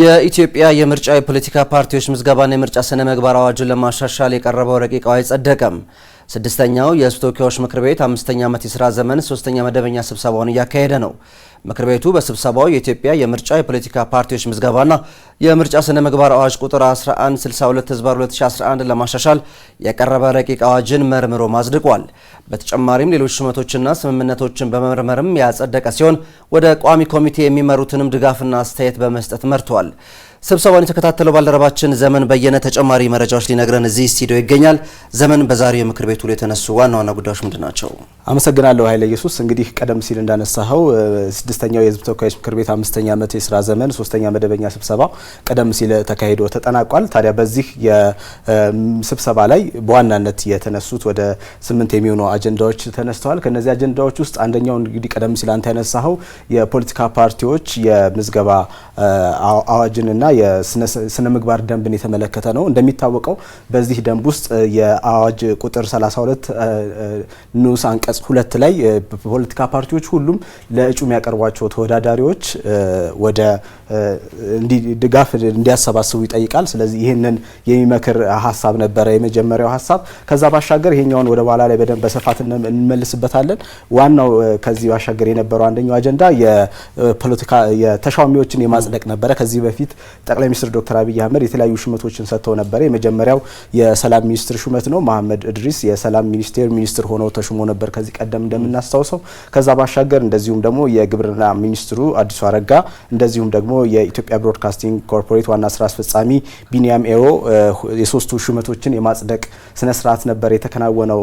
የኢትዮጵያ የምርጫ የፖለቲካ ፓርቲዎች ምዝገባና የምርጫ ስነ ምግባር ለማሻሻል የቀረበው ረቂቅ አዋጅ ጸደቀም። ስድስተኛው የሕዝብ ተወካዮች ምክር ቤት አምስተኛ ዓመት የሥራ ዘመን ሶስተኛ መደበኛ ስብሰባውን እያካሄደ ነው። ምክር ቤቱ በስብሰባው የኢትዮጵያ የምርጫ የፖለቲካ ፓርቲዎች ምዝገባና የምርጫ ስነ ምግባር አዋጅ ቁጥር 1162 ህዝባር 2011 ለማሻሻል የቀረበ ረቂቅ አዋጅን መርምሮ ማጽድቋል። በተጨማሪም ሌሎች ሹመቶችና ስምምነቶችን በመመርመርም ያጸደቀ ሲሆን ወደ ቋሚ ኮሚቴ የሚመሩትንም ድጋፍና አስተያየት በመስጠት መርቷል። ስብሰባውን የተከታተለው ባልደረባችን ዘመን በየነ ተጨማሪ መረጃዎች ሊነግረን እዚህ ስቱዲዮ ይገኛል። ዘመን፣ በዛሬው የምክር ቤት ውሎ የተነሱ ዋና ዋና ጉዳዮች ምንድን ናቸው? አመሰግናለሁ ኃይለ ኢየሱስ። እንግዲህ ቀደም ሲል እንዳነሳኸው ስድስተኛው የህዝብ ተወካዮች ምክር ቤት አምስተኛ ዓመት የስራ ዘመን ሶስተኛ መደበኛ ስብሰባ ቀደም ሲል ተካሂዶ ተጠናቋል። ታዲያ በዚህ ስብሰባ ላይ በዋናነት የተነሱት ወደ ስምንት የሚሆኑ አጀንዳዎች ተነስተዋል። ከነዚህ አጀንዳዎች ውስጥ አንደኛው እንግዲህ ቀደም ሲል አንተ ያነሳኸው የፖለቲካ ፓርቲዎች የምዝገባ አዋጅንና የስነ ምግባር ደንብን የተመለከተ ነው። እንደሚታወቀው በዚህ ደንብ ውስጥ የአዋጅ ቁጥር 32 ንዑስ አንቀጽ ሁለት ላይ በፖለቲካ ፓርቲዎች ሁሉም ለእጩ የሚያቀርቧቸው ተወዳዳሪዎች ወደ ድጋፍ እንዲያሰባስቡ ይጠይቃል። ስለዚህ ይህንን የሚመክር ሀሳብ ነበረ የመጀመሪያው ሀሳብ። ከዛ ባሻገር ይሄኛውን ወደ በኋላ ላይ በደንብ በስፋት እንመልስበታለን። ዋናው ከዚህ ባሻገር የነበረው አንደኛው አጀንዳ የፖለቲካ የተሿሚዎችን የማጽደቅ ነበረ። ከዚህ በፊት ጠቅላይ ሚኒስትር ዶክተር አብይ አህመድ የተለያዩ ሹመቶችን ሰጥተው ነበረ። የመጀመሪያው የሰላም ሚኒስትር ሹመት ነው። መሀመድ እድሪስ የሰላም ሚኒስቴር ሚኒስትር ሆነው ተሹሞ ነበር ከዚህ ቀደም እንደምናስታውሰው። ከዛ ባሻገር እንደዚሁም ደግሞ የግብርና ሚኒስትሩ አዲሱ አረጋ እንደዚሁም ደግሞ የኢትዮጵያ ብሮድካስቲንግ ኮርፖሬት ዋና ስራ አስፈጻሚ ቢኒያም ኤሮ የሶስቱ ሹመቶችን የማጽደቅ ስነስርዓት ነበር የተከናወነው።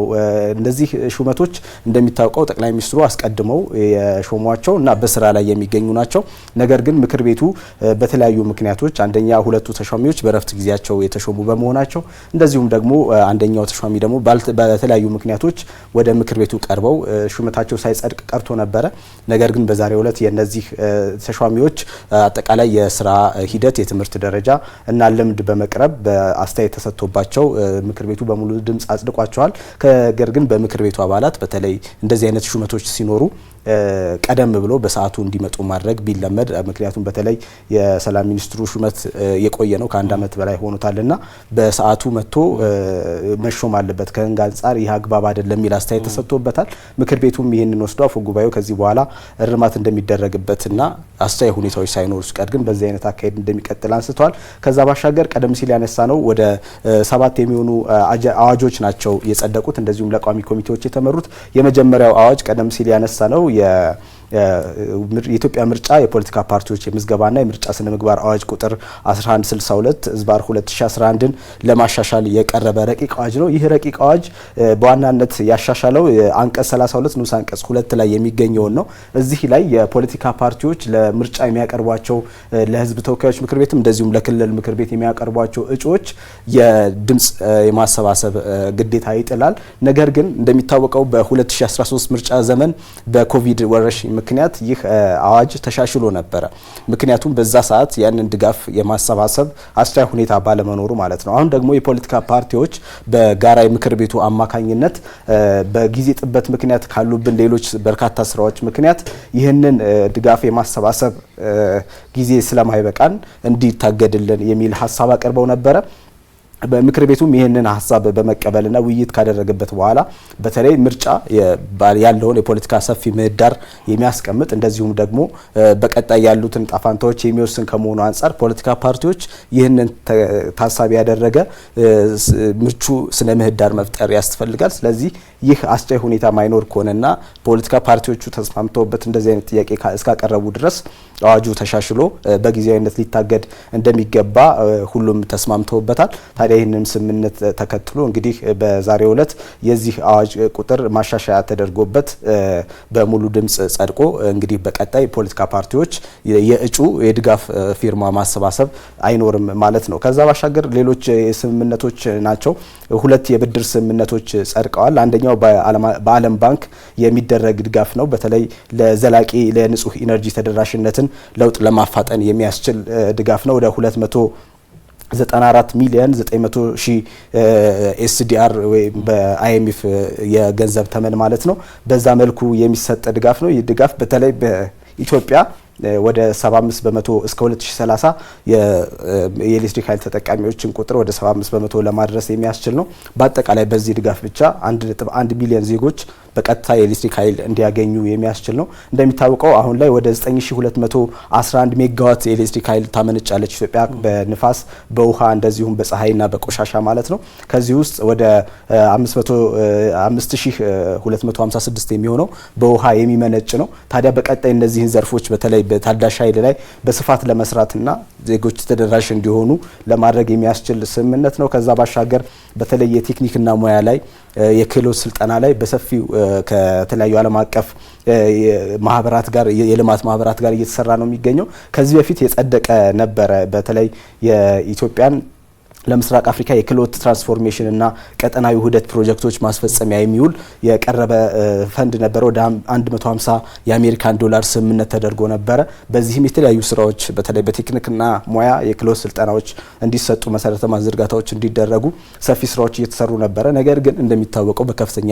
እነዚህ ሹመቶች እንደሚታወቀው ጠቅላይ ሚኒስትሩ አስቀድመው የሾሟቸው እና በስራ ላይ የሚገኙ ናቸው። ነገር ግን ምክር ቤቱ በተለያዩ ምክንያቶች ተሿሚዎች አንደኛ ሁለቱ ተሿሚዎች በረፍት ጊዜያቸው የተሾሙ በመሆናቸው እንደዚሁም ደግሞ አንደኛው ተሿሚ ደግሞ በተለያዩ ምክንያቶች ወደ ምክር ቤቱ ቀርበው ሹመታቸው ሳይጸድቅ ቀርቶ ነበረ። ነገር ግን በዛሬው ዕለት የእነዚህ ተሿሚዎች አጠቃላይ የስራ ሂደት፣ የትምህርት ደረጃ እና ልምድ በመቅረብ በአስተያየት ተሰጥቶባቸው ምክር ቤቱ በሙሉ ድምፅ አጽድቋቸዋል። ነገር ግን በምክር ቤቱ አባላት በተለይ እንደዚህ አይነት ሹመቶች ሲኖሩ ቀደም ብሎ በሰዓቱ እንዲመጡ ማድረግ ቢለመድ። ምክንያቱም በተለይ የሰላም ሚኒስትሩ ሹመት የቆየ ነው፣ ከአንድ ዓመት በላይ ሆኖታልና በሰዓቱ መጥቶ መሾም አለበት። ከህግ አንጻር ይህ አግባብ አይደለም የሚል አስተያየት ተሰጥቶበታል። ምክር ቤቱም ይህንን ወስዶ አፈ ጉባኤው ከዚህ በኋላ እርማት እንደሚደረግበትና አስተያየ ሁኔታዎች ሳይኖሩ ሲቀር ግን በዚህ አይነት አካሄድ እንደሚቀጥል አንስተዋል። ከዛ ባሻገር ቀደም ሲል ያነሳ ነው ወደ ሰባት የሚሆኑ አዋጆች ናቸው የጸደቁት፣ እንደዚሁም ለቋሚ ኮሚቴዎች የተመሩት። የመጀመሪያው አዋጅ ቀደም ሲል ያነሳ ነው Oh, yeah የኢትዮጵያ ምርጫ የፖለቲካ ፓርቲዎች የምዝገባና የምርጫ ስነ ምግባር አዋጅ ቁጥር 1162 ዝባር 2011ን ለማሻሻል የቀረበ ረቂቅ አዋጅ ነው። ይህ ረቂቅ አዋጅ በዋናነት ያሻሻለው አንቀጽ 32 ንዑስ አንቀጽ 2 ላይ የሚገኘውን ነው። እዚህ ላይ የፖለቲካ ፓርቲዎች ለምርጫ የሚያቀርቧቸው ለህዝብ ተወካዮች ምክር ቤትም እንደዚሁም ለክልል ምክር ቤት የሚያቀርቧቸው እጩዎች የድምፅ የማሰባሰብ ግዴታ ይጥላል። ነገር ግን እንደሚታወቀው በ2013 ምርጫ ዘመን በኮቪድ ወረርሽኝ ምክንያት ይህ አዋጅ ተሻሽሎ ነበረ። ምክንያቱም በዛ ሰዓት ያንን ድጋፍ የማሰባሰብ አስቻይ ሁኔታ ባለመኖሩ ማለት ነው። አሁን ደግሞ የፖለቲካ ፓርቲዎች በጋራ የምክር ቤቱ አማካኝነት በጊዜ ጥበት ምክንያት ካሉብን ሌሎች በርካታ ስራዎች ምክንያት ይህንን ድጋፍ የማሰባሰብ ጊዜ ስለማይበቃን እንዲታገድልን የሚል ሀሳብ አቅርበው ነበረ። በምክር ቤቱም ይህንን ሀሳብ በመቀበልና ውይይት ካደረገበት በኋላ በተለይ ምርጫ ያለውን የፖለቲካ ሰፊ ምህዳር የሚያስቀምጥ እንደዚሁም ደግሞ በቀጣይ ያሉትን ጣፋንታዎች የሚወስን ከመሆኑ አንጻር ፖለቲካ ፓርቲዎች ይህንን ታሳቢ ያደረገ ምቹ ስነ ምህዳር መፍጠር ያስፈልጋል። ስለዚህ ይህ አስቻይ ሁኔታ ማይኖር ከሆነና ፖለቲካ ፓርቲዎቹ ተስማምተውበት እንደዚህ አይነት ጥያቄ እስካቀረቡ ድረስ አዋጁ ተሻሽሎ በጊዜያዊነት ሊታገድ እንደሚገባ ሁሉም ተስማምተውበታል። ታዲያ ይህንን ስምምነት ተከትሎ እንግዲህ በዛሬው ዕለት የዚህ አዋጅ ቁጥር ማሻሻያ ተደርጎበት በሙሉ ድምፅ ጸድቆ እንግዲህ በቀጣይ ፖለቲካ ፓርቲዎች የእጩ የድጋፍ ፊርማ ማሰባሰብ አይኖርም ማለት ነው። ከዛ ባሻገር ሌሎች ስምምነቶች ናቸው። ሁለት የብድር ስምምነቶች ጸድቀዋል። አንደኛው በዓለም ባንክ የሚደረግ ድጋፍ ነው። በተለይ ለዘላቂ ለንጹህ ኢነርጂ ተደራሽነትን ለውጥ ለማፋጠን የሚያስችል ድጋፍ ነው ወደ 200 94 ሚሊዮን 900 ሺህ ኤስዲአር ወይም በአይኤምኤፍ የገንዘብ ተመን ማለት ነው። በዛ መልኩ የሚሰጥ ድጋፍ ነው። ይህ ድጋፍ በተለይ በኢትዮጵያ ወደ 75 በመቶ እስከ 2030 የኤሌክትሪክ ኃይል ተጠቃሚዎችን ቁጥር ወደ 75 በመቶ ለማድረስ የሚያስችል ነው። በአጠቃላይ በዚህ ድጋፍ ብቻ 1.1 ሚሊዮን ዜጎች በቀጥታ የኤሌክትሪክ ኃይል እንዲያገኙ የሚያስችል ነው። እንደሚታወቀው አሁን ላይ ወደ 9211 ሜጋዋት የኤሌክትሪክ ኃይል ታመነጫለች ኢትዮጵያ በንፋስ በውሃ እንደዚሁም በፀሐይና በቆሻሻ ማለት ነው። ከዚህ ውስጥ ወደ 5256 የሚሆነው በውሃ የሚመነጭ ነው። ታዲያ በቀጣይ እነዚህን ዘርፎች በተለይ በታዳሽ ኃይል ላይ በስፋት ለመስራትና ዜጎች ተደራሽ እንዲሆኑ ለማድረግ የሚያስችል ስምምነት ነው። ከዛ ባሻገር በተለይ የቴክኒክና ሙያ ላይ የክህሎት ስልጠና ላይ በሰፊው ከተለያዩ ዓለም አቀፍ ማህበራት ጋር የልማት ማህበራት ጋር እየተሰራ ነው የሚገኘው። ከዚህ በፊት የጸደቀ ነበረ። በተለይ የኢትዮጵያን ለምስራቅ አፍሪካ የክህሎት ትራንስፎርሜሽን እና ቀጠናዊ ውህደት ፕሮጀክቶች ማስፈጸሚያ የሚውል የቀረበ ፈንድ ነበረ። ወደ 150 የአሜሪካን ዶላር ስምምነት ተደርጎ ነበረ። በዚህም የተለያዩ ስራዎች በተለይ በቴክኒክና ሙያ የክህሎት ስልጠናዎች እንዲሰጡ፣ መሰረተ ልማት ዝርጋታዎች እንዲደረጉ ሰፊ ስራዎች እየተሰሩ ነበረ። ነገር ግን እንደሚታወቀው በከፍተኛ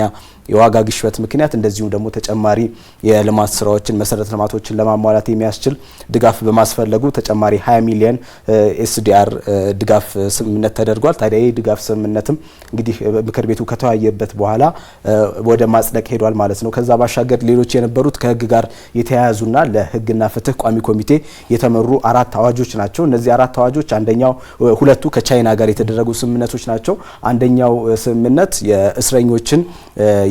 የዋጋ ግሽበት ምክንያት እንደዚሁም ደግሞ ተጨማሪ የልማት ስራዎችን መሰረተ ልማቶችን ለማሟላት የሚያስችል ድጋፍ በማስፈለጉ ተጨማሪ 20 ሚሊዮን ኤስዲአር ድጋፍ ስምምነት ተደርጓል። ታዲያ ይህ ድጋፍ ስምምነትም እንግዲህ ምክር ቤቱ ከተወያየበት በኋላ ወደ ማጽደቅ ሄዷል ማለት ነው። ከዛ ባሻገር ሌሎች የነበሩት ከህግ ጋር የተያያዙና ለህግና ፍትህ ቋሚ ኮሚቴ የተመሩ አራት አዋጆች ናቸው። እነዚህ አራት አዋጆች አንደኛው ሁለቱ ከቻይና ጋር የተደረጉ ስምምነቶች ናቸው። አንደኛው ስምምነት የእስረኞችን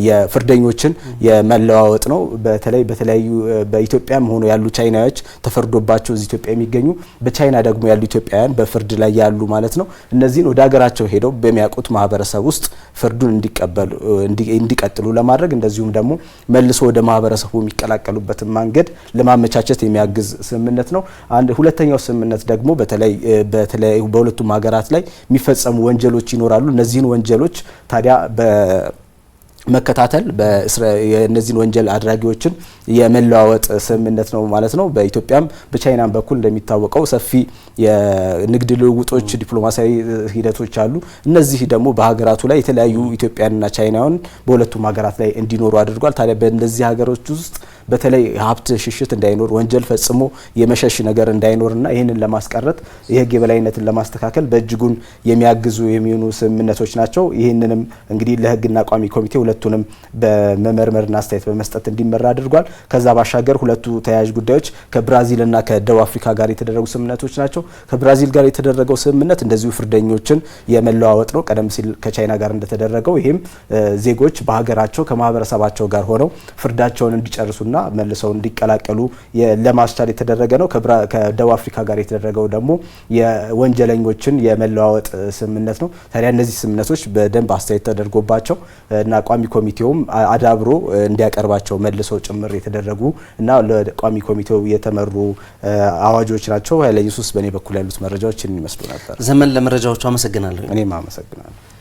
የፍርደኞችን የመለዋወጥ ነው። በተለይ በተለያዩ በኢትዮጵያም ሆኖ ያሉ ቻይናዎች ተፈርዶባቸው እዚህ ኢትዮጵያ የሚገኙ በቻይና ደግሞ ያሉ ኢትዮጵያውያን በፍርድ ላይ ያሉ ማለት ነው እነዚህን ወደ ሀገራቸው ሄደው በሚያውቁት ማህበረሰብ ውስጥ ፍርዱን እንዲቀበሉ እንዲቀጥሉ ለማድረግ እንደዚሁም ደግሞ መልሶ ወደ ማህበረሰቡ የሚቀላቀሉበትን መንገድ ለማመቻቸት የሚያግዝ ስምምነት ነው። አንድ ሁለተኛው ስምምነት ደግሞ በተለይ በተለያዩ በሁለቱም ሀገራት ላይ የሚፈጸሙ ወንጀሎች ይኖራሉ። እነዚህን ወንጀሎች ታዲያ መከታተል የእነዚህን ወንጀል አድራጊዎችን የመለዋወጥ ስምምነት ነው ማለት ነው። በኢትዮጵያም በቻይናም በኩል እንደሚታወቀው ሰፊ የንግድ ልውውጦች፣ ዲፕሎማሲያዊ ሂደቶች አሉ። እነዚህ ደግሞ በሀገራቱ ላይ የተለያዩ ኢትዮጵያንና ቻይናውን በሁለቱም ሀገራት ላይ እንዲኖሩ አድርጓል። ታዲያ በእነዚህ ሀገሮች ውስጥ በተለይ ሀብት ሽሽት እንዳይኖር ወንጀል ፈጽሞ የመሸሽ ነገር እንዳይኖርና ይህንን ለማስቀረት የህግ የበላይነትን ለማስተካከል በእጅጉን የሚያግዙ የሚሆኑ ስምምነቶች ናቸው። ይህንንም እንግዲህ ለህግና ቋሚ ኮሚቴ ሁለቱንም በመመርመርና አስተያየት በመስጠት እንዲመራ አድርጓል። ከዛ ባሻገር ሁለቱ ተያያዥ ጉዳዮች ከብራዚልና ከደቡብ አፍሪካ ጋር የተደረጉ ስምምነቶች ናቸው። ከብራዚል ጋር የተደረገው ስምምነት እንደዚሁ ፍርደኞችን የመለዋወጥ ነው። ቀደም ሲል ከቻይና ጋር እንደተደረገው ይህም ዜጎች በሀገራቸው ከማህበረሰባቸው ጋር ሆነው ፍርዳቸውን እንዲጨርሱና ና መልሰው እንዲቀላቀሉ ለማስቻል የተደረገ ነው። ከደቡብ አፍሪካ ጋር የተደረገው ደግሞ የወንጀለኞችን የመለዋወጥ ስምምነት ነው። ታዲያ እነዚህ ስምምነቶች በደንብ አስተያየት ተደርጎባቸው እና ቋሚ ኮሚቴውም አዳብሮ እንዲያቀርባቸው መልሰው ጭምር የተደረጉ እና ለቋሚ ኮሚቴው የተመሩ አዋጆች ናቸው። ኃይለየሱስ በእኔ በኩል ያሉት መረጃዎች ይመስሉ ነበር። ዘመን ለመረጃዎቹ አመሰግናለሁ። እኔም አመሰግናለሁ።